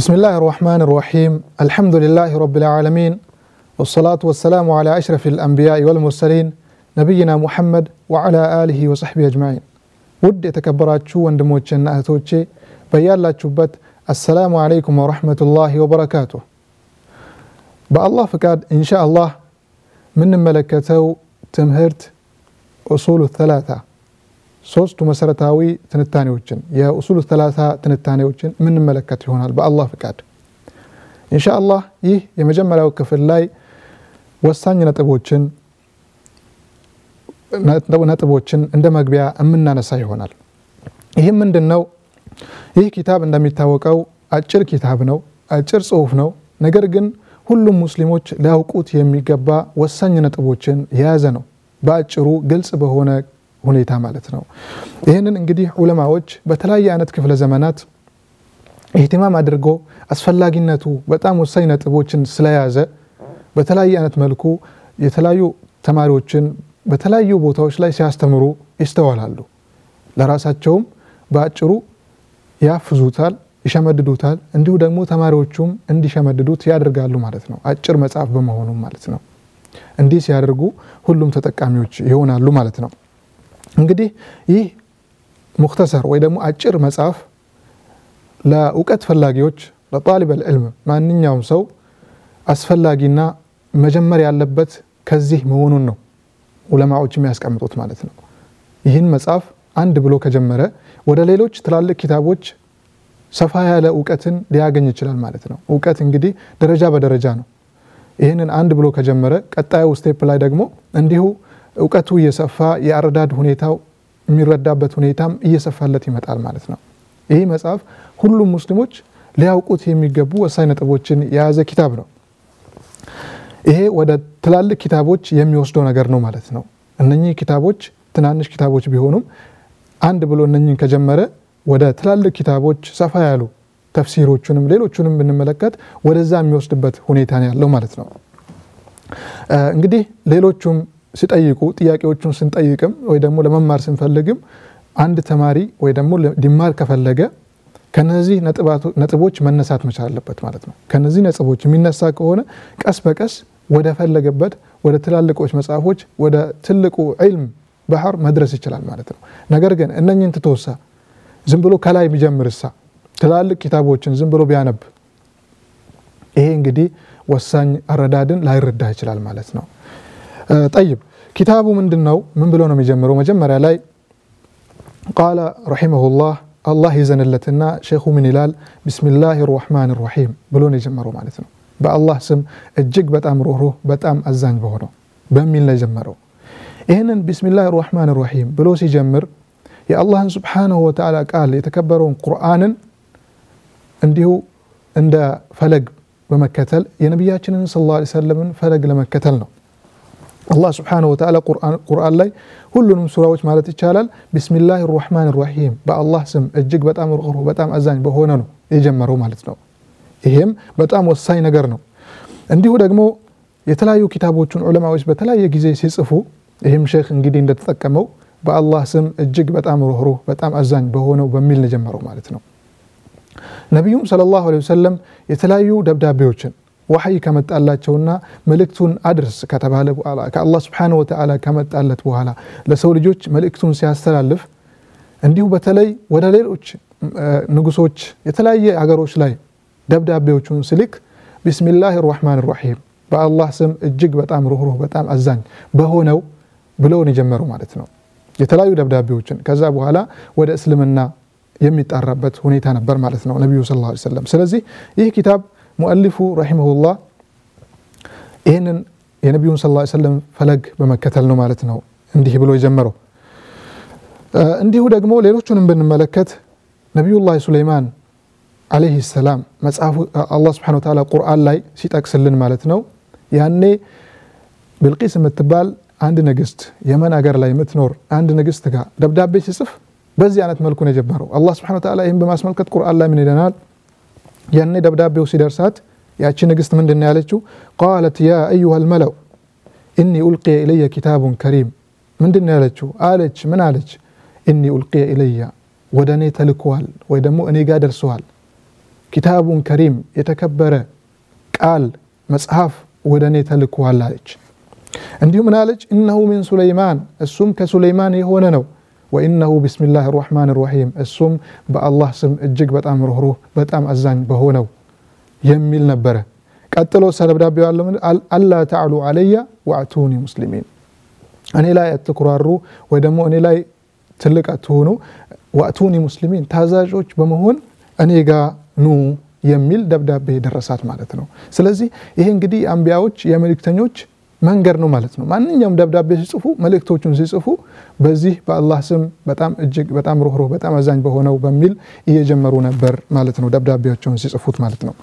بسم الله الرحمن الرحيم الحمد لله رب العالمين والصلاة والسلام على أشرف الأنبياء والمرسلين نبينا محمد وعلى آله وصحبه أجمعين ود يتكبراتشو وندموتشن أهتوتشي بيالا تشبت السلام عليكم ورحمة الله وبركاته بالله فكاد إن شاء الله من ملكته تمهرت أصول الثلاثة ሶስቱ መሰረታዊ ትንታኔዎችን የኡሱል ተላሳ ትንታኔዎችን የምንመለከት ይሆናል በአላህ ፍቃድ እንሻአላህ ይህ የመጀመሪያው ክፍል ላይ ወሳኝ ነጥቦችን ነጥቦችን እንደ መግቢያ የምናነሳ ይሆናል። ይህ ምንድን ነው? ይህ ኪታብ እንደሚታወቀው አጭር ኪታብ ነው፣ አጭር ጽሁፍ ነው። ነገር ግን ሁሉም ሙስሊሞች ሊያውቁት የሚገባ ወሳኝ ነጥቦችን የያዘ ነው። በአጭሩ ግልጽ በሆነ ሁኔታ ማለት ነው። ይህንን እንግዲህ ዑለማዎች በተለያየ አይነት ክፍለ ዘመናት ኢህትማም አድርጎ አስፈላጊነቱ በጣም ወሳኝ ነጥቦችን ስለያዘ በተለያየ አይነት መልኩ የተለያዩ ተማሪዎችን በተለያዩ ቦታዎች ላይ ሲያስተምሩ ይስተዋላሉ። ለራሳቸውም በአጭሩ ያፍዙታል፣ ይሸመድዱታል። እንዲሁ ደግሞ ተማሪዎቹም እንዲሸመድዱት ያደርጋሉ ማለት ነው። አጭር መጽሐፍ በመሆኑም ማለት ነው። እንዲህ ሲያደርጉ ሁሉም ተጠቃሚዎች ይሆናሉ ማለት ነው። እንግዲህ ይህ ሙክተሰር ወይ ደግሞ አጭር መጽሐፍ ለእውቀት ፈላጊዎች ለጣሊበ ልዕልም ማንኛውም ሰው አስፈላጊና መጀመር ያለበት ከዚህ መሆኑን ነው ዑለማዎች የሚያስቀምጡት ማለት ነው። ይህን መጽሐፍ አንድ ብሎ ከጀመረ ወደ ሌሎች ትላልቅ ኪታቦች ሰፋ ያለ እውቀትን ሊያገኝ ይችላል ማለት ነው። እውቀት እንግዲህ ደረጃ በደረጃ ነው። ይህንን አንድ ብሎ ከጀመረ ቀጣዩ ስቴፕ ላይ ደግሞ እንዲሁ እውቀቱ እየሰፋ የአረዳድ ሁኔታው የሚረዳበት ሁኔታም እየሰፋለት ይመጣል ማለት ነው። ይህ መጽሐፍ ሁሉም ሙስሊሞች ሊያውቁት የሚገቡ ወሳኝ ነጥቦችን የያዘ ኪታብ ነው። ይሄ ወደ ትላልቅ ኪታቦች የሚወስደው ነገር ነው ማለት ነው። እነኚህ ኪታቦች ትናንሽ ኪታቦች ቢሆኑም አንድ ብሎ እነኚህን ከጀመረ ወደ ትላልቅ ኪታቦች ሰፋ ያሉ ተፍሲሮቹንም ሌሎቹንም ብንመለከት ወደዛ የሚወስድበት ሁኔታ ያለው ማለት ነው። እንግዲህ ሌሎቹም ሲጠይቁ ጥያቄዎቹን ስንጠይቅም ወይ ደግሞ ለመማር ስንፈልግም አንድ ተማሪ ወይ ደግሞ ሊማር ከፈለገ ከነዚህ ነጥቦች መነሳት መቻል አለበት ማለት ነው። ከነዚህ ነጥቦች የሚነሳ ከሆነ ቀስ በቀስ ወደ ፈለገበት ወደ ትላልቆች መጽሐፎች ወደ ትልቁ ዕልም ባህር መድረስ ይችላል ማለት ነው። ነገር ግን እነኝን ትቶሳ ዝም ብሎ ከላይ ቢጀምርሳ ትላልቅ ኪታቦችን ዝም ብሎ ቢያነብ ይሄ እንግዲህ ወሳኝ አረዳድን ላይረዳ ይችላል ማለት ነው። ጠይብ ኪታቡ ምንድን ነው? ምን ብሎ ነው የሚጀምረው? መጀመሪያ ላይ ቃለ ረሒመሁላህ አላህ ይዘንለትና ሼኹ ምን ይላል? ብስሚላህ ራሕማን ራሒም ብሎ ነው የጀመረው ማለት ነው። በአላህ ስም እጅግ በጣም ሩህሩህ በጣም አዛኝ በሆነው በሚል ነው የጀመረው። ይህንን ቢስሚላህ ራሕማን ራሒም ብሎ ሲጀምር የአላህን ስብሓንሁ ወተዓላ ቃል የተከበረውን ቁርአንን እንዲሁ እንደ ፈለግ በመከተል የነቢያችንን ሰለላሁ ዓለይሂ ወሰለምን ፈለግ ለመከተል ነው አላህ ስብሓን ወተዓላ ቁርአን ላይ ሁሉንም ሱራዎች ማለት ይቻላል ቢስሚላህ ራሕማን ራሒም በአላህ ስም እጅግ በጣም ርኅሩ በጣም አዛኝ በሆነ ነው የጀመረው ማለት ነው ይሄም በጣም ወሳኝ ነገር ነው እንዲሁ ደግሞ የተለያዩ ኪታቦቹን ዑለማዎች በተለያየ ጊዜ ሲጽፉ ይህም ሼክ እንግዲህ እንደተጠቀመው በአላህ ስም እጅግ በጣም ርኅሩህ በጣም አዛኝ በሆነው በሚል ነው ጀመረው ማለት ነው ነቢዩም ሰለላሁ ዐለይሂ ወሰለም የተለያዩ ደብዳቤዎችን ወሐይ ከመጣላቸውና መልእክቱን አድርስ ከተባለ በኋላ ከአላህ ስብሓነ ወተዓላ ከመጣለት በኋላ ለሰው ልጆች መልእክቱን ሲያስተላልፍ እንዲሁ በተለይ ወደ ሌሎች ንጉሶች የተለያየ ሀገሮች ላይ ደብዳቤዎቹን ስልክ ቢስሚላህ ራሕማን ራሒም በአላህ ስም እጅግ በጣም ሩህሩህ በጣም አዛኝ በሆነው ብለውን የጀመሩ ማለት ነው የተለያዩ ደብዳቤዎችን ከዛ በኋላ ወደ እስልምና የሚጣራበት ሁኔታ ነበር ማለት ነው ነቢዩ ስ ሰለም ስለዚህ ይህ ኪታብ ሙአሊፉ ረሂመሁላ ይህንን የነቢዩን ስ ሰለም ፈለግ በመከተል ነው ማለት ነው እንዲህ ብሎ የጀመረው። እንዲሁ ደግሞ ሌሎቹንም ብንመለከት ነቢዩላህ ሱለይማን ዓለይህ ሰላም መጽሐፉ አላህ ስብሓነ ወተዓላ ቁርአን ላይ ሲጠቅስልን ማለት ነው ያኔ ብልቂስ የምትባል አንድ ንግስት የመን አገር ላይ የምትኖር አንድ ንግስት ጋር ደብዳቤ ሲጽፍ በዚህ አይነት መልኩ ነው የጀመረው። አላ ስብሓነ ወተዓላ ይህን በማስመልከት ቁርአን ላይ ምን ይለናል? ያኔ ደብዳቤው ሲደርሳት ያቺ ንግስት ምንድን ያለችው ቃለት ያ አዩሃ ልመለው እኒ ኡልቅየ ኢለየ ኪታቡን ከሪም ምንድን ያለችው አለች ምን አለች እኒ ኡልቅየ ኢለያ ወደ እኔ ተልኮዋል ወይ ደግሞ እኔ ጋር ደርሰዋል ኪታቡን ከሪም የተከበረ ቃል መጽሐፍ ወደ እኔ ተልኮዋል አለች እንዲሁ ምን አለች እነሁ ምን ሱለይማን እሱም ከሱለይማን የሆነ ነው ወኢነሁ ቢስሚላህ ራህማን ራሒም እሱም በአላህ ስም እጅግ በጣም ሩኅሩህ በጣም አዛኝ በሆነው የሚል ነበረ። ቀጥሎ ሰደብዳቤው ያለው አላ ተዕሉ አለያ ወአቱኒ ሙስሊሚን፣ እኔ ላይ አትኩራሩ ወይ ደግሞ እኔ ላይ ትልቅ አትሆኑ፣ ወአቱኒ ሙስሊሚን ታዛዦች በመሆን እኔ ጋ ኑ የሚል ደብዳቤ ደረሳት ማለት ነው። ስለዚህ ይሄ እንግዲህ የአንቢያዎች የመልእክተኞች መንገድ ነው ማለት ነው። ማንኛውም ደብዳቤ ሲጽፉ መልእክቶቹን ሲጽፉ በዚህ በአላህ ስም በጣም እጅግ በጣም ሩህሩህ በጣም አዛኝ በሆነው በሚል እየጀመሩ ነበር ማለት ነው፣ ደብዳቤያቸውን ሲጽፉት ማለት ነው።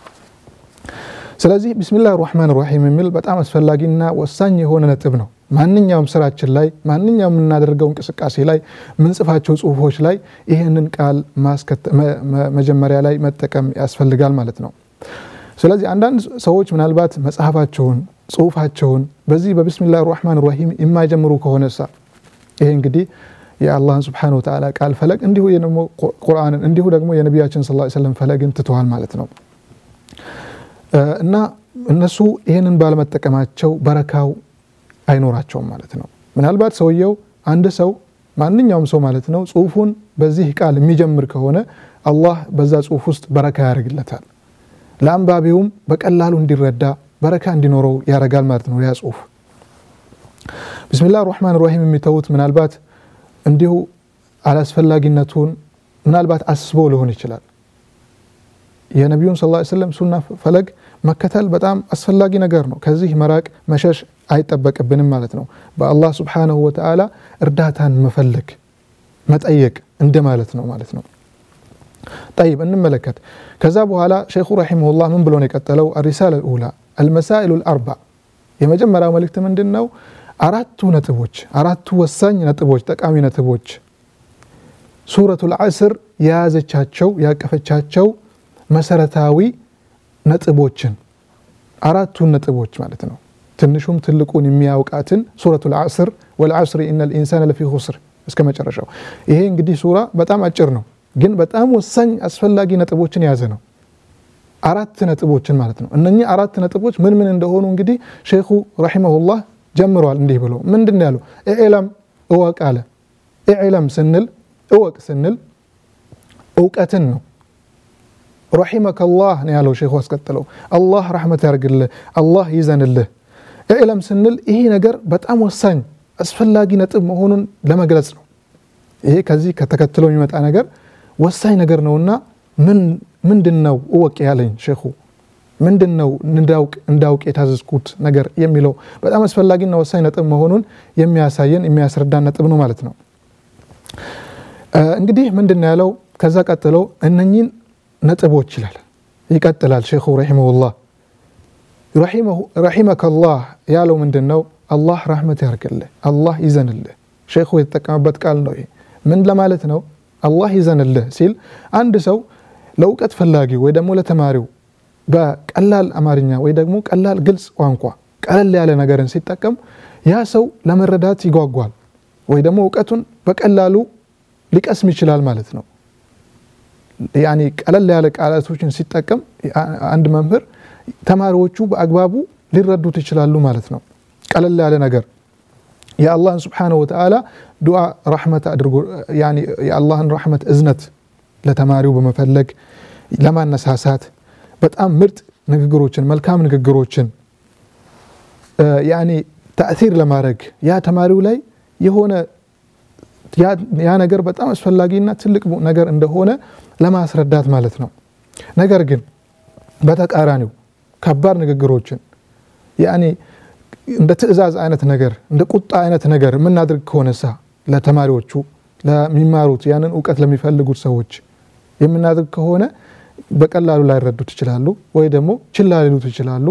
ስለዚህ ብስሚላ ራህማን ራሒም የሚል በጣም አስፈላጊና ወሳኝ የሆነ ነጥብ ነው። ማንኛውም ስራችን ላይ ማንኛውም የምናደርገው እንቅስቃሴ ላይ ምንጽፋቸው ጽሁፎች ላይ ይህንን ቃል መጀመሪያ ላይ መጠቀም ያስፈልጋል ማለት ነው። ስለዚህ አንዳንድ ሰዎች ምናልባት መጽሐፋቸውን ጽሁፋቸውን በዚህ በብስሚላህ ራሕማን ራሂም የማይጀምሩ ከሆነሳ ይሄ እንግዲህ የአላህን ስብሓን ወተዓላ ቃል ፈለግ እንዲሁ ደግሞ ቁርአንን እንዲሁ ደግሞ የነቢያችን ስ ሰለም ፈለግን ትተዋል ማለት ነው እና እነሱ ይህንን ባለመጠቀማቸው በረካው አይኖራቸውም ማለት ነው ምናልባት ሰውየው አንድ ሰው ማንኛውም ሰው ማለት ነው ጽሁፉን በዚህ ቃል የሚጀምር ከሆነ አላህ በዛ ጽሁፍ ውስጥ በረካ ያደርግለታል ለአንባቢውም በቀላሉ እንዲረዳ በረካ እንዲኖረው ያረጋል ማለት ነው ያ ጽሁፍ ቢስሚላህ ራሕማን ራሂም የሚተዉት ምናልባት እንዲሁ አላስፈላጊነቱን ምናልባት አስቦ ሊሆን ይችላል የነቢዩን ስለ ስለም ሱና ፈለግ መከተል በጣም አስፈላጊ ነገር ነው ከዚህ መራቅ መሸሽ አይጠበቅብንም ማለት ነው በአላህ ስብሓንሁ ወተዓላ እርዳታን መፈለግ መጠየቅ እንደ ማለት ነው ማለት ነው طيب እንመለከት ከዛ በኋላ ሸይኹ ረሒመሁላህ ምን ብሎን የቀጠለው አሪሳላ ልኡላ አልመሳኢሉ አርባ የመጀመሪያው መልእክት ምንድን ነው? አራቱ ነጥቦች አራቱ ወሳኝ ነጥቦች ጠቃሚ ነጥቦች ሱረቱል ዐስር የያዘቻቸው ያቀፈቻቸው መሰረታዊ ነጥቦችን አራቱን ነጥቦች ማለት ነው። ትንሹም ትልቁን የሚያውቃትን ሱረቱል ዐስር ወልዐስሪ ኢነል ኢንሳነ ለፊ ኹስር እስከ መጨረሻው። ይሄ እንግዲህ ሱራ በጣም አጭር ነው፣ ግን በጣም ወሳኝ አስፈላጊ ነጥቦችን የያዘ ነው። አራት ነጥቦችን ማለት ነው። እነኚህ አራት ነጥቦች ምን ምን እንደሆኑ እንግዲህ ሼኹ ረሒመሁላህ ጀምረዋል እንዲህ ብሎ ምንድን ያሉ ኢዕለም እወቅ አለ። ኢዕለም ስንል እወቅ ስንል እውቀትን ነው። ላህ ነው ያለው ሼኹ አስቀጥለው። አላህ ረሕመት ያርግልህ፣ አላህ ይዘንልህ። ኢዕለም ስንል ይሄ ነገር በጣም ወሳኝ አስፈላጊ ነጥብ መሆኑን ለመግለጽ ነው። ይሄ ከዚህ ከተከትሎ የሚመጣ ነገር ወሳኝ ነገር ነውና ምንድን ነው እወቅ ያለኝ ሼኹ ምንድን ነው እንዳውቅ የታዘዝኩት ነገር የሚለው በጣም አስፈላጊና ወሳኝ ነጥብ መሆኑን የሚያሳየን የሚያስረዳን ነጥብ ነው ማለት ነው። እንግዲህ ምንድን ያለው? ከዛ ቀጥለው እነኚህን ነጥቦች ይላል ይቀጥላል ሼኹ ረሂመሁላህ። ረሂመከላህ ያለው ምንድን ነው? አላህ ረህመት ያርግልህ፣ አላህ ይዘንልህ። ሼኹ የተጠቀመበት ቃል ነው ይሄ። ምን ለማለት ነው? አላህ ይዘንልህ ሲል አንድ ሰው ለእውቀት ፈላጊው ወይ ደግሞ ለተማሪው በቀላል አማርኛ ወይ ደግሞ ቀላል ግልጽ ቋንቋ ቀለል ያለ ነገርን ሲጠቀም ያ ሰው ለመረዳት ይጓጓል ወይ ደግሞ እውቀቱን በቀላሉ ሊቀስም ይችላል ማለት ነው። ቀለል ያለ ቃላቶችን ሲጠቀም አንድ መምህር ተማሪዎቹ በአግባቡ ሊረዱት ይችላሉ ማለት ነው። ቀለል ያለ ነገር የአላህን ስብሓነሁ ወተላ ዱዓ ረመት አድርጎ የአላህን ረመት እዝነት ለተማሪው በመፈለግ ለማነሳሳት በጣም ምርጥ ንግግሮችን መልካም ንግግሮችን ያኔ ተእሲር ለማድረግ ያ ተማሪው ላይ የሆነ ያ ነገር በጣም አስፈላጊና ትልቅ ነገር እንደሆነ ለማስረዳት ማለት ነው። ነገር ግን በተቃራኒው ከባድ ንግግሮችን ያኔ እንደ ትዕዛዝ አይነት ነገር እንደ ቁጣ አይነት ነገር ከሆነ ከሆነሳ ለተማሪዎቹ ለሚማሩት ያንን እውቀት ለሚፈልጉት ሰዎች የምናደርግ ከሆነ በቀላሉ ላይረዱት ትችላሉ፣ ወይ ደግሞ ችላ ሊሉት ይችላሉ።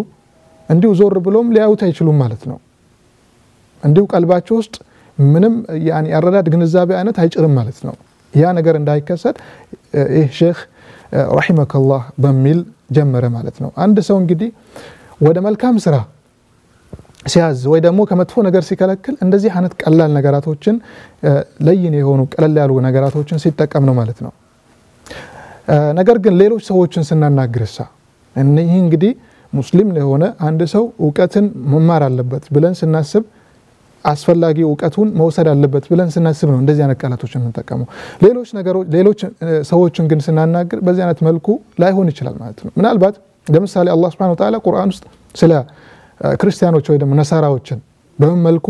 እንዲሁ ዞር ብሎም ሊያዩት አይችሉም ማለት ነው። እንዲሁ ቀልባቸው ውስጥ ምንም የአረዳድ ግንዛቤ አይነት አይጭርም ማለት ነው። ያ ነገር እንዳይከሰት ይህ ሼክ ረሒመከላህ በሚል ጀመረ ማለት ነው። አንድ ሰው እንግዲህ ወደ መልካም ስራ ሲያዝ ወይ ደግሞ ከመጥፎ ነገር ሲከለክል እንደዚህ አይነት ቀላል ነገራቶችን ለይን የሆኑ ቀለል ያሉ ነገራቶችን ሲጠቀም ነው ማለት ነው። ነገር ግን ሌሎች ሰዎችን ስናናግርሳ እነህ እንግዲህ ሙስሊም ለሆነ አንድ ሰው እውቀትን መማር አለበት ብለን ስናስብ አስፈላጊ እውቀቱን መውሰድ አለበት ብለን ስናስብ ነው እንደዚህ አይነት ቃላቶች የምንጠቀመው። ሌሎች ነገሮች ሌሎች ሰዎችን ግን ስናናግር በዚህ አይነት መልኩ ላይሆን ይችላል ማለት ነው። ምናልባት ለምሳሌ አላ ስብን ወተዓላ ቁርአን ውስጥ ስለ ክርስቲያኖች ወይ ደግሞ ነሳራዎችን በምን መልኩ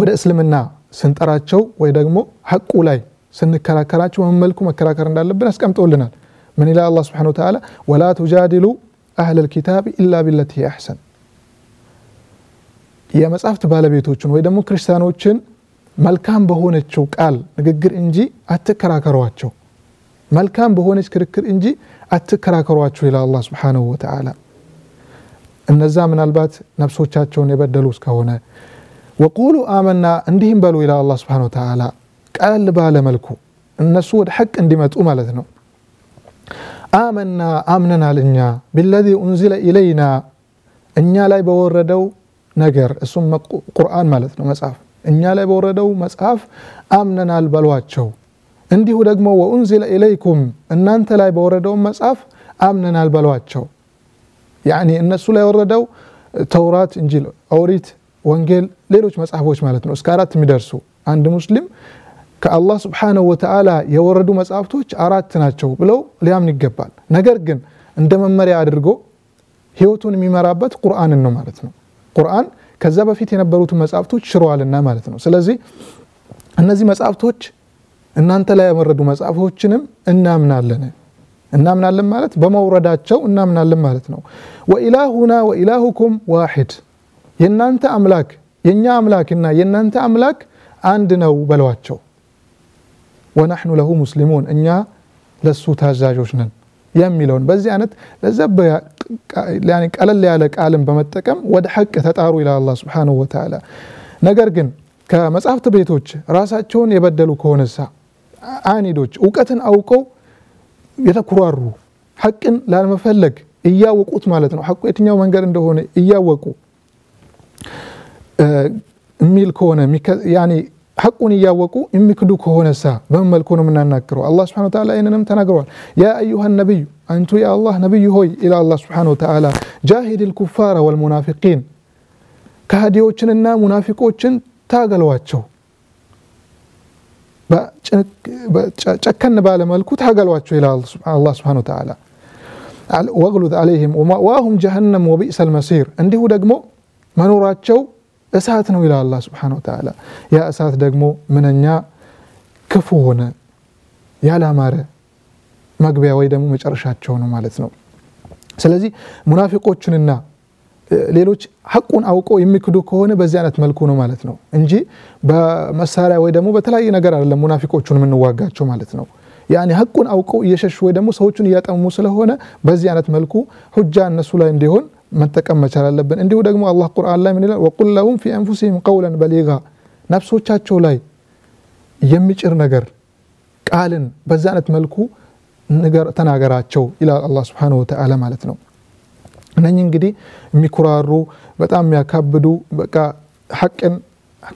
ወደ እስልምና ስንጠራቸው ወይ ደግሞ ሐቁ ላይ ስንከራከራቸው በምን መልኩ መከራከር እንዳለብን አስቀምጦልናል ምን ይላል አላ ስብን ተላ ወላ ቱጃድሉ አህለ ልኪታብ ኢላ ቢለቲ አሕሰን የመጽሐፍት ባለቤቶችን ወይ ደግሞ ክርስቲያኖችን መልካም በሆነችው ቃል ንግግር እንጂ አትከራከሯቸው መልካም በሆነች ክርክር እንጂ አትከራከሯቸው ይላል አላ ስብሓንሁ ወተዓላ እነዛ ምናልባት ነፍሶቻቸውን የበደሉ እስከሆነ ወቁሉ አመና እንዲህም በሉ ይላል አላ ስብሓን ወተዓላ ቀለል ባለ መልኩ እነሱ ወደ ሐቅ እንዲመጡ ማለት ነው። አመና አምነናል እኛ ቢለዚ ኡንዚለ ኢለይና እኛ ላይ በወረደው ነገር እሱም ቁርአን ማለት ነው መጽሐፍ እኛ ላይ በወረደው መጽሐፍ አምነናል በሏቸው። እንዲሁ ደግሞ ወኡንዚለ ኢለይኩም እናንተ ላይ በወረደውን መጽሐፍ አምነናል በሏቸው። ያኒ እነሱ ላይ ወረደው ተውራት፣ እንጂል፣ ኦሪት፣ ወንጌል ሌሎች መጽሐፎች ማለት ነው እስከ አራት የሚደርሱ አንድ ሙስሊም ከአላህ ስብሓነሁ ወተዓላ የወረዱ መጽሐፍቶች አራት ናቸው ብለው ሊያምን ይገባል። ነገር ግን እንደ መመሪያ አድርጎ ህይወቱን የሚመራበት ቁርአንን ነው ማለት ነው። ቁርአን ከዛ በፊት የነበሩት መጽሐፍቶች ሽረዋልና ማለት ነው። ስለዚህ እነዚህ መጽሐፍቶች እናንተ ላይ ያወረዱ መጽሐፎችንም እናምናለን እናምናለን ማለት በመውረዳቸው እናምናለን ማለት ነው። ወኢላሁና ወኢላሁኩም ዋሂድ የእናንተ አምላክ የእኛ አምላክና የእናንተ አምላክ አንድ ነው በሏቸው። ወናሕኑ ለሁ ሙስሊሙን እኛ ለሱ ታዛዦች ነን የሚለውን በዚህ አይነት ለዘብ ቀለል ያለ ቃልን በመጠቀም ወደ ሐቅ ተጣሩ ይላል አላህ ስብሓንሁ ወተዓላ። ነገር ግን ከመጽሐፍት ቤቶች ራሳቸውን የበደሉ ከሆነሳ አኒዶች እውቀትን አውቀው የተኩራሩ ሐቅን ላለመፈለግ እያወቁት ማለት ነው ሐቁ የትኛው መንገድ እንደሆነ እያወቁ የሚል ከሆነ حقون يوكو إمك دوك هنا سا بهم ملكون من النكر الله سبحانه وتعالى إن نمت يا أيها النبي أنت يا الله نبي هوي إلى الله سبحانه وتعالى جاهد الكفار والمنافقين كهدي وشن النا منافق وشن تاجل واتشو بكن بال ملكو تاجل واتشو إلى الله سبحانه وتعالى واغلظ عليهم وما وهم جهنم وبئس المصير عنده دقمو منورات شو እሳት ነው ይላል አላህ ስብሓነሁ ወተዓላ። ያ እሳት ደግሞ ምንኛ ክፉ ሆነ ያላማረ መግቢያ ወይ ደግሞ መጨረሻቸው ነው ማለት ነው። ስለዚህ ሙናፊቆችንና ሌሎች ሐቁን አውቆ የሚክዱ ከሆነ በዚህ አይነት መልኩ ነው ማለት ነው እንጂ በመሳሪያ ወይ ደግሞ በተለያየ ነገር አይደለም ሙናፊቆቹን የምንዋጋቸው ማለት ነው። ያኒ ሐቁን አውቀው እየሸሹ ወይ ደግሞ ሰዎቹን እያጠሙ ስለሆነ በዚህ አይነት መልኩ ሁጃ እነሱ ላይ እንዲሆን መጠቀም መቻል አለብን። እንዲሁ ደግሞ አላህ ቁርአን ላይ ምን ይላል? ወቁል ለሁም ፊ አንፉሲሂም ቀውለን በሊጋ ነፍሶቻቸው ላይ የሚጭር ነገር ቃልን በዛ አይነት መልኩ ተናገራቸው ይላል አላህ ሱብሓነሁ ወተዓላ ማለት ነው። እነኚህ እንግዲህ የሚኩራሩ በጣም የሚያካብዱ በቃ ሐቅን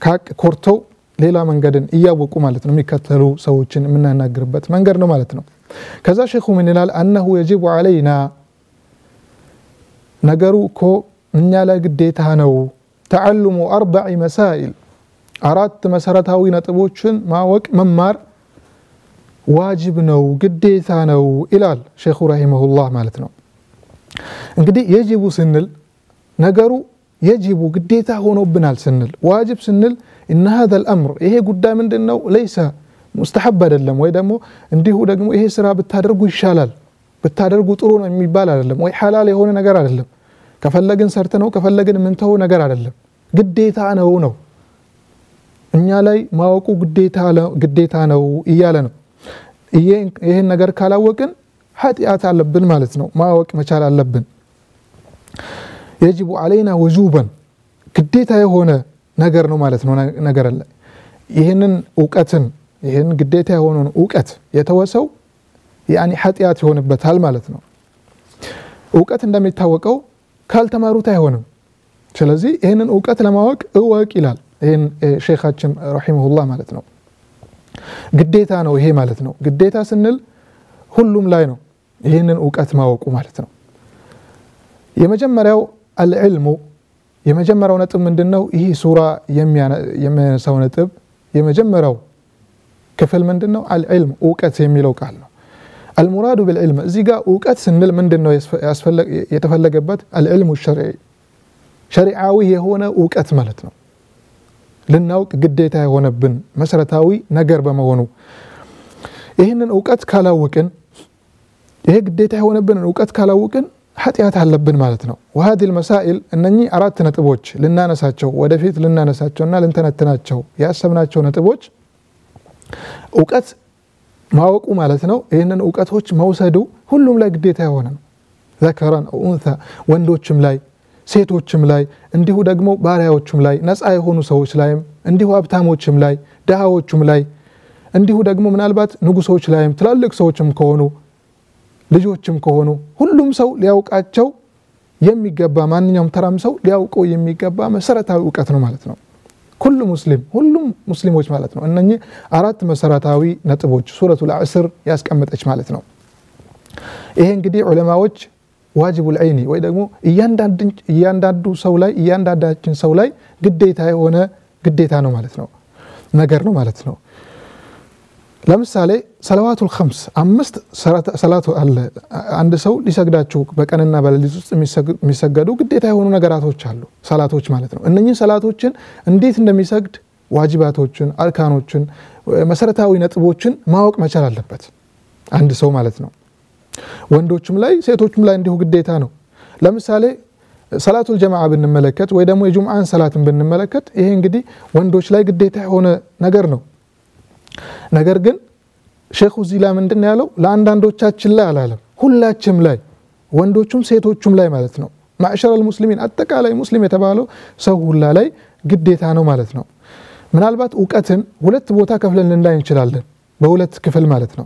ከሐቅ ኮርተው ሌላ መንገድን እያወቁ ማለት ነው የሚከተሉ ሰዎችን የምናናግርበት መንገድ ነው ማለት ነው። ከዛ ሼኹ ምን ይላል? አነሁ የጅቡ ዓለይና ነገሩ እኮ እኛ ላይ ግዴታ ነው። ተዓልሙ አርባዕ መሳኢል አራት መሰረታዊ ነጥቦችን ማወቅ መማር ዋጅብ ነው፣ ግዴታ ነው ይላል ሼኹ ረሂመሁላህ ማለት ነው። እንግዲህ የጅቡ ስንል ነገሩ የጅቡ ግዴታ ሆኖብናል ስንል ዋጅብ ስንል እና ሀዛ ልአምር ይሄ ጉዳይ ምንድን ነው? ለይሰ ሙስተሐብ አይደለም ወይ ደግሞ እንዲሁ ደግሞ ይሄ ስራ ብታደርጉ ይሻላል ብታደርጉ ጥሩ ነው የሚባል አይደለም፣ ወይ ሐላል የሆነ ነገር አይደለም። ከፈለግን ሰርተ ነው ከፈለግን ምንተው ነገር አይደለም፣ ግዴታ ነው ነው እኛ ላይ ማወቁ ግዴታ ነው እያለ ነው። ይህን ነገር ካላወቅን ኃጢአት አለብን ማለት ነው። ማወቅ መቻል አለብን። የጅቡ አለይና ወጁበን ግዴታ የሆነ ነገር ነው ማለት ነው። ነገር ላይ ይህንን እውቀትን ይህን ግዴታ የሆነውን እውቀት የተወሰው ያኒ ኃጢአት ይሆንበታል ማለት ነው። እውቀት እንደሚታወቀው ካልተማሩት አይሆንም። ስለዚህ ይህንን እውቀት ለማወቅ እወቅ ይላል። ይህን ሼኻችን ረሒመሁላህ ማለት ነው። ግዴታ ነው ይሄ ማለት ነው። ግዴታ ስንል ሁሉም ላይ ነው ይህንን እውቀት ማወቁ ማለት ነው። የመጀመሪያው አልዕልሙ የመጀመሪያው ነጥብ ምንድን ነው? ይህ ሱራ የሚያነሳው ነጥብ የመጀመሪያው ክፍል ምንድን ነው? አልዕልም እውቀት የሚለው ቃል ነው። አልሙራዱ ብልዕልም እዚህ ጋ እውቀት ስንል ምንድን ነው የተፈለገበት? አልዕልሙ ሸርዒ ሸሪዓዊ የሆነ እውቀት ማለት ነው። ልናውቅ ግዴታ የሆነብን መሰረታዊ ነገር በመሆኑ ይህንን እውቀት ካላወቅን፣ ይሄ ግዴታ የሆነብንን እውቀት ካላውቅን ኃጢአት አለብን ማለት ነው። ወሀዲ ልመሳኢል እነኚህ አራት ነጥቦች ልናነሳቸው ወደፊት ልናነሳቸውና ልንተነትናቸው ያሰብናቸው ነጥቦች እውቀት ማወቁ ማለት ነው። ይህንን እውቀቶች መውሰዱ ሁሉም ላይ ግዴታ የሆነ ነው። ዘከረን ኡንሳ ወንዶችም ላይ ሴቶችም ላይ እንዲሁ ደግሞ ባሪያዎችም ላይ ነፃ የሆኑ ሰዎች ላይም እንዲሁ ሀብታሞችም ላይ ድሃዎችም ላይ እንዲሁ ደግሞ ምናልባት ንጉሶች ላይም ትላልቅ ሰዎችም ከሆኑ ልጆችም ከሆኑ ሁሉም ሰው ሊያውቃቸው የሚገባ ማንኛውም ተራም ሰው ሊያውቀው የሚገባ መሰረታዊ እውቀት ነው ማለት ነው። ኩሉ ሙስሊም ሁሉም ሙስሊሞች ማለት ነው። እነኚህ አራት መሰረታዊ ነጥቦች ሱረቱ አስር ያስቀመጠች ማለት ነው። ይሄ እንግዲህ ዑለማዎች ዋጅቡል ልዐይኒ ወይ ደግሞ እያንዳንዱ ሰው ላይ እያንዳንዳችን ሰው ላይ ግዴታ የሆነ ግዴታ ነው ማለት ነው ነገር ነው ማለት ነው። ለምሳሌ ሰለዋቱል ልከምስ አምስት ሰላት አለ። አንድ ሰው ሊሰግዳቸው በቀንና በሌሊት ውስጥ የሚሰገዱ ግዴታ የሆኑ ነገራቶች አሉ፣ ሰላቶች ማለት ነው። እነኚህ ሰላቶችን እንዴት እንደሚሰግድ ዋጅባቶችን፣ አርካኖችን፣ መሰረታዊ ነጥቦችን ማወቅ መቻል አለበት አንድ ሰው ማለት ነው። ወንዶችም ላይ ሴቶችም ላይ እንዲሁ ግዴታ ነው። ለምሳሌ ሰላቱ ልጀማ ብንመለከት ወይ ደግሞ የጁምዓን ሰላትን ብንመለከት ይሄ እንግዲህ ወንዶች ላይ ግዴታ የሆነ ነገር ነው። ነገር ግን ሼኹ እዚህ ላይ ምንድን ያለው ለአንዳንዶቻችን ላይ አላለም፣ ሁላችም ላይ ወንዶቹም ሴቶቹም ላይ ማለት ነው። ማዕሸር አልሙስሊሚን አጠቃላይ ሙስሊም የተባለው ሰው ሁላ ላይ ግዴታ ነው ማለት ነው። ምናልባት እውቀትን ሁለት ቦታ ከፍለን ልናይ እንችላለን፣ በሁለት ክፍል ማለት ነው።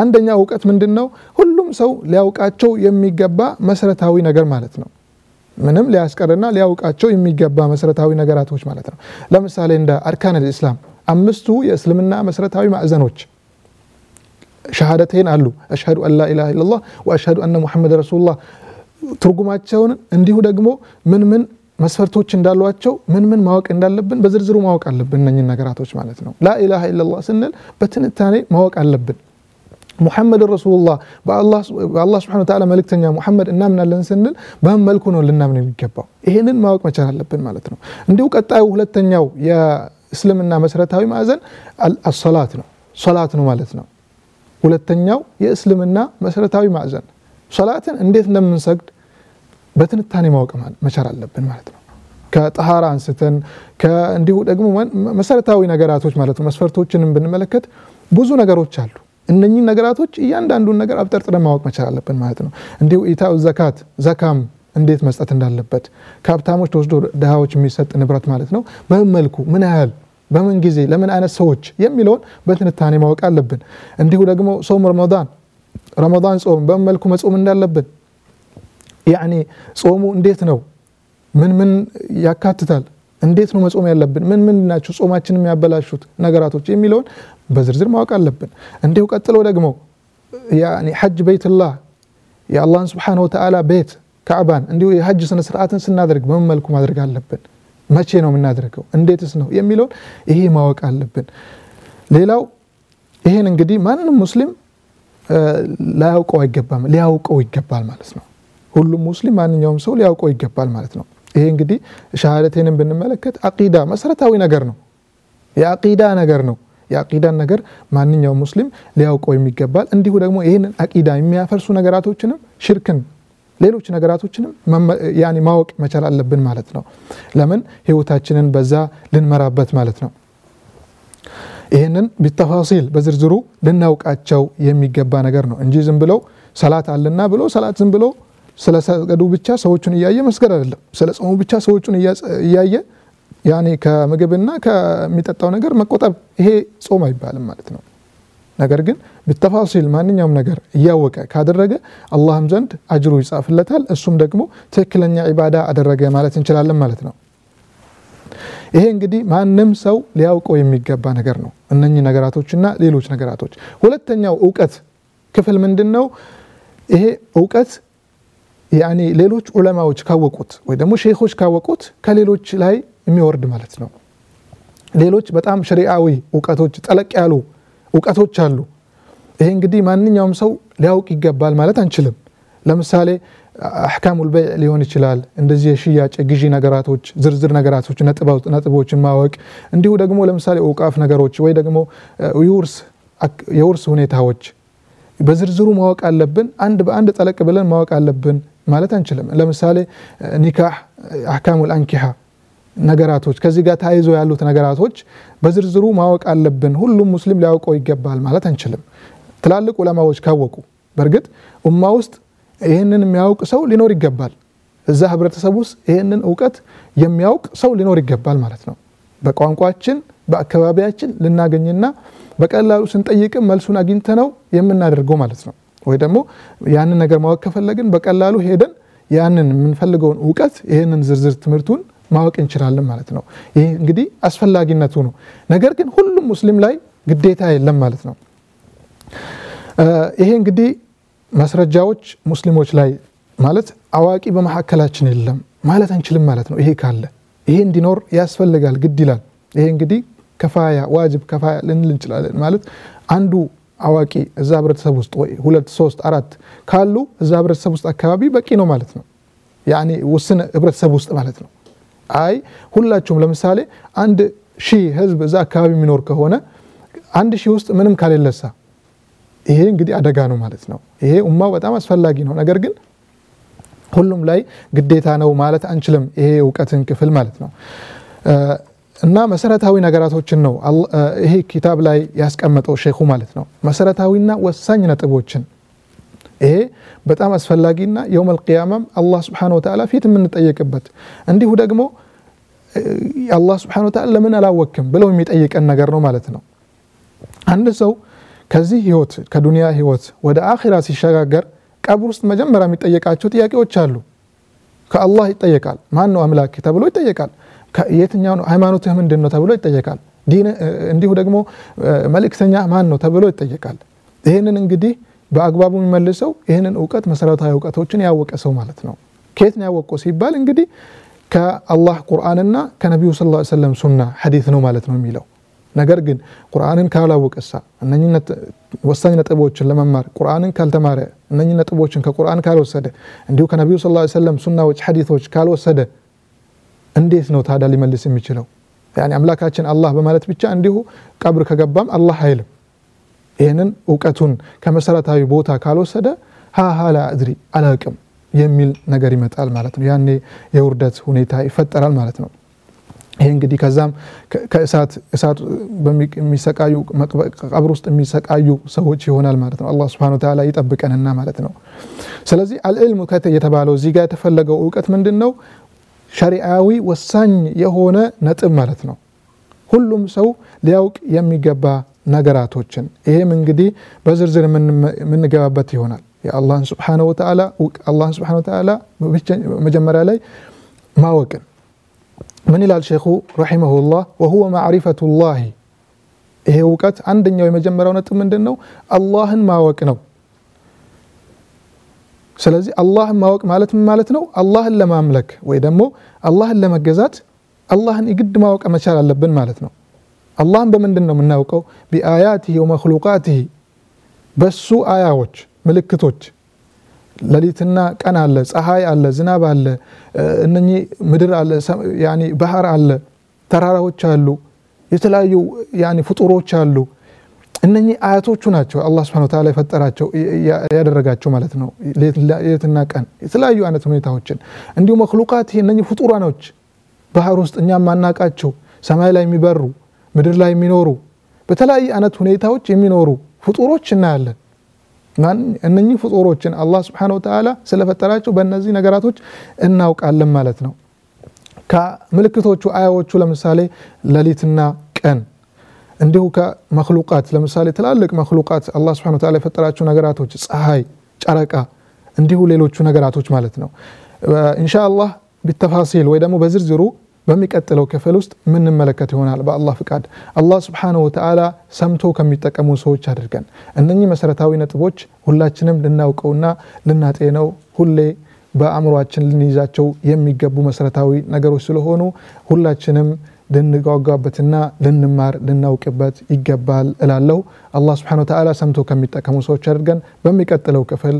አንደኛ እውቀት ምንድን ነው? ሁሉም ሰው ሊያውቃቸው የሚገባ መሰረታዊ ነገር ማለት ነው። ምንም ሊያስቀርና ሊያውቃቸው የሚገባ መሰረታዊ ነገራቶች ማለት ነው። ለምሳሌ እንደ አርካን ልእስላም አምስቱ የእስልምና መሰረታዊ ማዕዘኖች ሸሃደተይን አሉ አሽሀዱ አን ላኢላሃ ኢለላህ ወአሽሀዱ አነ ሙሐመድ ረሱሉላህ ትርጉማቸውን እንዲሁ ደግሞ ምን ምን መስፈርቶች እንዳሏቸው ምን ምን ማወቅ እንዳለብን በዝርዝሩ ማወቅ አለብን እነኝን ነገራቶች ማለት ነው ላኢላሃ ኢለላህ ስንል በትንታኔ ማወቅ አለብን ሙሐመድ ረሱሉላህ በአላህ ስብሐነ ወተዓላ መልእክተኛ ሙሐመድ እናምናለን ስንል በምን መልኩ ነው ልናምን የሚገባው ይሄንን ማወቅ መቻል አለብን ማለት ነው እንዲሁ ቀጣዩ ሁለተኛው እስልምና መሰረታዊ ማዕዘን አሶላት ነው፣ ሶላት ነው ማለት ነው። ሁለተኛው የእስልምና መሰረታዊ ማዕዘን ሶላትን እንዴት እንደምንሰግድ በትንታኔ ማወቅ መቻል አለብን ማለት ነው። ከጠሃራ አንስተን እንዲሁ ደግሞ መሰረታዊ ነገራቶች ማለት ነው መስፈርቶችንም ብንመለከት ብዙ ነገሮች አሉ። እነኚህ ነገራቶች እያንዳንዱን ነገር አብጠርጥረን ማወቅ መቻል አለብን ማለት ነው። እንዲሁ ኢታው ዘካት ዘካም እንዴት መስጠት እንዳለበት ከሀብታሞች ተወስዶ ድሃዎች የሚሰጥ ንብረት ማለት ነው። በምን መልኩ ምን ያህል በምን ጊዜ ለምን አይነት ሰዎች የሚለውን በትንታኔ ማወቅ አለብን። እንዲሁ ደግሞ ሶም ረመን ረመን ጾም በምን መልኩ መጾም እንዳለብን ያኒ ጾሙ እንዴት ነው? ምን ምን ያካትታል? እንዴት ነው መጾም ያለብን? ምን ምን ናቸው ጾማችን የሚያበላሹት ነገራቶች የሚለውን በዝርዝር ማወቅ አለብን። እንዲሁ ቀጥሎ ደግሞ ያኒ ሐጅ ቤትላህ የአላህን ስብሓነሁ ወተዓላ ቤት ካዕባን እንዲሁ የሀጅ ስነ ስናደርግ በምን መልኩ ማድረግ አለብን፣ መቼ ነው የምናደርገው፣ እንዴትስ ነው የሚለውን ይሄ ማወቅ አለብን። ሌላው ይሄን እንግዲህ ማንም ሙስሊም ላያውቀው አይገባም፣ ሊያውቀው ይገባል ማለት ነው። ሁሉም ሙስሊም ማንኛውም ሰው ሊያውቀው ይገባል ማለት ነው። ይሄ እንግዲህ ሻሃደቴንን ብንመለከት አቂዳ መሰረታዊ ነገር ነው፣ የአቂዳ ነገር ነው። የአቂዳን ነገር ማንኛውም ሙስሊም ሊያውቀው የሚገባል። እንዲሁ ደግሞ ይህንን አቂዳ የሚያፈርሱ ነገራቶችንም ሽርክን ሌሎች ነገራቶችንም ያኔ ማወቅ መቻል አለብን ማለት ነው። ለምን ህይወታችንን በዛ ልንመራበት ማለት ነው። ይህንን ቢተፋሲል በዝርዝሩ ልናውቃቸው የሚገባ ነገር ነው እንጂ ዝም ብለው ሰላት አለና ብሎ ሰላት ዝም ብሎ ስለሰገዱ ብቻ ሰዎቹን እያየ መስገድ አይደለም። ስለ ጾሙ ብቻ ሰዎቹን እያየ ያኔ ከምግብና ከሚጠጣው ነገር መቆጠብ ይሄ ጾም አይባልም ማለት ነው። ነገር ግን ብተፋሲል ማንኛውም ነገር እያወቀ ካደረገ አላህም ዘንድ አጅሩ ይጻፍለታል። እሱም ደግሞ ትክክለኛ ዒባዳ አደረገ ማለት እንችላለን ማለት ነው። ይሄ እንግዲህ ማንም ሰው ሊያውቀው የሚገባ ነገር ነው። እነኚህ ነገራቶችና ሌሎች ነገራቶች። ሁለተኛው እውቀት ክፍል ምንድን ነው? ይሄ እውቀት ያኔ ሌሎች ዑለማዎች ካወቁት ወይ ደግሞ ሼኾች ካወቁት ከሌሎች ላይ የሚወርድ ማለት ነው። ሌሎች በጣም ሸሪዓዊ እውቀቶች ጠለቅ ያሉ እውቀቶች አሉ። ይሄ እንግዲህ ማንኛውም ሰው ሊያውቅ ይገባል ማለት አንችልም። ለምሳሌ አሕካሙል በይዕ ሊሆን ይችላል። እንደዚህ የሽያጭ ግዢ ነገራቶች፣ ዝርዝር ነገራቶች፣ ነጥቦችን ማወቅ እንዲሁ ደግሞ ለምሳሌ ውቃፍ ነገሮች ወይ ደግሞ የውርስ ሁኔታዎች በዝርዝሩ ማወቅ አለብን። አንድ በአንድ ጠለቅ ብለን ማወቅ አለብን ማለት አንችልም። ለምሳሌ ኒካህ አሕካሙል አንኪሃ ነገራቶች ከዚህ ጋር ተያይዞ ያሉት ነገራቶች በዝርዝሩ ማወቅ አለብን፣ ሁሉም ሙስሊም ሊያውቀው ይገባል ማለት አንችልም። ትላልቅ ዑለማዎች ካወቁ በእርግጥ ኡማ ውስጥ ይህንን የሚያውቅ ሰው ሊኖር ይገባል። እዛ ህብረተሰብ ውስጥ ይህንን እውቀት የሚያውቅ ሰው ሊኖር ይገባል ማለት ነው። በቋንቋችን በአካባቢያችን ልናገኝና በቀላሉ ስንጠይቅም መልሱን አግኝተ ነው የምናደርገው ማለት ነው። ወይ ደግሞ ያንን ነገር ማወቅ ከፈለግን በቀላሉ ሄደን ያንን የምንፈልገውን እውቀት ይህንን ዝርዝር ትምህርቱን ማወቅ እንችላለን ማለት ነው። ይህ እንግዲህ አስፈላጊነቱ ነው። ነገር ግን ሁሉም ሙስሊም ላይ ግዴታ የለም ማለት ነው። ይሄ እንግዲህ መስረጃዎች ሙስሊሞች ላይ ማለት አዋቂ በመካከላችን የለም ማለት አንችልም ማለት ነው። ይሄ ካለ ይሄ እንዲኖር ያስፈልጋል፣ ግድ ይላል። ይሄ እንግዲህ ከፋያ ዋጅብ ከፋያ ልንል እንችላለን ማለት አንዱ አዋቂ እዛ ህብረተሰብ ውስጥ ወይ ሁለት ሶስት አራት ካሉ እዛ ህብረተሰብ ውስጥ አካባቢ በቂ ነው ማለት ነው። ያኔ ውስን ህብረተሰብ ውስጥ ማለት ነው። አይ ሁላችሁም ለምሳሌ አንድ ሺህ ህዝብ እዛ አካባቢ የሚኖር ከሆነ አንድ ሺህ ውስጥ ምንም ካሌለሳ ይሄ እንግዲህ አደጋ ነው ማለት ነው። ይሄ ኡማው በጣም አስፈላጊ ነው። ነገር ግን ሁሉም ላይ ግዴታ ነው ማለት አንችልም። ይሄ እውቀትን ክፍል ማለት ነው እና መሰረታዊ ነገራቶችን ነው ይሄ ኪታብ ላይ ያስቀመጠው ሼኹ ማለት ነው። መሰረታዊና ወሳኝ ነጥቦችን ይሄ በጣም አስፈላጊና የውመል ቅያማም አላህ ስብሓነ ወተዓላ ፊት የምንጠየቅበት እንዲሁ ደግሞ አላህ ስብሓነ ወተዓላ ለምን አላወክም ብለው የሚጠይቀን ነገር ነው ማለት ነው። አንድ ሰው ከዚህ ህይወት ከዱንያ ህይወት ወደ አኺራ ሲሸጋገር ቀብር ውስጥ መጀመሪያ የሚጠየቃቸው ጥያቄዎች አሉ። ከአላህ ይጠየቃል። ማን ነው አምላክ ተብሎ ይጠየቃል። የትኛው ነው ሃይማኖትህ ምንድን ነው ተብሎ ይጠየቃል። እንዲሁ ደግሞ መልእክተኛ ማን ነው ተብሎ ይጠየቃል። ይህንን እንግዲህ በአግባቡ የሚመልሰው ይህንን እውቀት መሰረታዊ እውቀቶችን ያወቀ ሰው ማለት ነው። ከየት ነው ያወቀ ሲባል እንግዲህ ከአላህ ቁርአንና ከነቢዩ ስ ሰለም ሱና ሐዲት ነው ማለት ነው የሚለው ነገር ግን ቁርአንን ካላወቀሳ እነኚህ ወሳኝ ነጥቦችን ለመማር ቁርአንን ካልተማረ እነኝ ነጥቦችን ከቁርአን ካልወሰደ እንዲሁ ከነቢዩ ስ ሰለም ሱናዎች ሐዲቶች ካልወሰደ እንዴት ነው ታዳ ሊመልስ የሚችለው? አምላካችን አላህ በማለት ብቻ እንዲሁ ቀብር ከገባም አላህ አይልም። ይህንን እውቀቱን ከመሰረታዊ ቦታ ካልወሰደ ሀሀላ እድሪ አላቅም የሚል ነገር ይመጣል ማለት ነው። ያኔ የውርደት ሁኔታ ይፈጠራል ማለት ነው። ይሄ እንግዲህ ከዛም ከእሳት እሳት ቀብር ውስጥ የሚሰቃዩ ሰዎች ይሆናል ማለት ነው። አላህ ስብሐነ ወተዓላ ይጠብቀንና ማለት ነው። ስለዚህ አልዕልም የተባለው እዚህ ጋር የተፈለገው እውቀት ምንድን ነው? ሸሪዓዊ ወሳኝ የሆነ ነጥብ ማለት ነው። ሁሉም ሰው ሊያውቅ የሚገባ ነገራቶችን ይህም እንግዲህ በዝርዝር የምንገባበት ይሆናል። የአላህን ስብሓነ ወተዓላ አላህን ስብሓነ ወተዓላ መጀመሪያ ላይ ማወቅን ምን ይላል ሼኹ ረሒመሁላህ ወሁወ ማዕሪፈቱላሂ ይሄ እውቀት አንደኛው የመጀመሪያው ነጥብ ምንድን ነው? አላህን ማወቅ ነው። ስለዚህ አላህን ማወቅ ማለት ምን ማለት ነው? አላህን ለማምለክ ወይ ደግሞ አላህን ለመገዛት አላህን የግድ ማወቅ መቻል አለብን ማለት ነው። አላህን በምንድን ነው የምናውቀው? ቢአያትህ ወመክሉቃትህ በሱ አያዎች ምልክቶች፣ ሌሊትና ቀን አለ፣ ፀሐይ አለ፣ ዝናብ አለ፣ እነኚህ ምድር አለ፣ ባህር አለ፣ ተራራዎች አሉ፣ የተለያዩ ፍጡሮች አሉ። እነኚህ አያቶቹ ናቸው አላ ስብሐነሁ ወተዓላ የፈጠራቸው ያደረጋቸው ማለት ነው። ሌትና ቀን የተለያዩ አይነት ሁኔታዎችን እንዲሁ መክሉቃት እነኚህ ፍጡራኖች ባህር ውስጥ እኛም ማናቃቸው ሰማይ ላይ የሚበሩ مدر لا يمينورو بتلاقي أنا تهني تاوتش يمينورو نان النعلة من أنني فطوروتش الله سبحانه وتعالى سلف التراتش وبنزي نجراتوش إنك علم مالتنا كملكة توتش آية وتش لما سالي لليتنا كأن عنده كمخلوقات لمسالي سالي تلالك مخلوقات الله سبحانه وتعالى فطراتش نجراتوش صحيح شركة عنده ليلوتش نجراتوش مالتنا إن شاء الله بالتفاصيل وإذا مو بزر በሚቀጥለው ክፍል ውስጥ ምንመለከት ይሆናል። በአላህ ፍቃድ አላህ ስብሓነሁ ወተዓላ ሰምቶ ከሚጠቀሙ ሰዎች አድርገን። እነኚህ መሰረታዊ ነጥቦች ሁላችንም ልናውቀውና ልናጤነው ሁሌ በአእምሯችን ልንይዛቸው የሚገቡ መሰረታዊ ነገሮች ስለሆኑ ሁላችንም ልንጓጓበትና ልንማር ልናውቅበት ይገባል እላለሁ። አላህ ስብሓነሁ ወተዓላ ሰምቶ ከሚጠቀሙ ሰዎች አድርገን። በሚቀጥለው ክፍል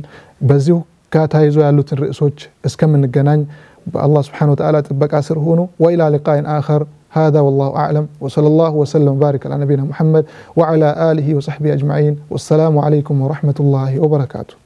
በዚሁ ጋር ተያይዞ ያሉትን ርዕሶች እስከምንገናኝ الله سبحانه وتعالى ጥበቃ ስር ሁኑ وإلى لقاء آخر هذا والله أعلم وصلى الله وسلم وبارك على نبينا محمد وعلى آله وصحبه أجمعين والسلام عليكم ورحمة الله وبركاته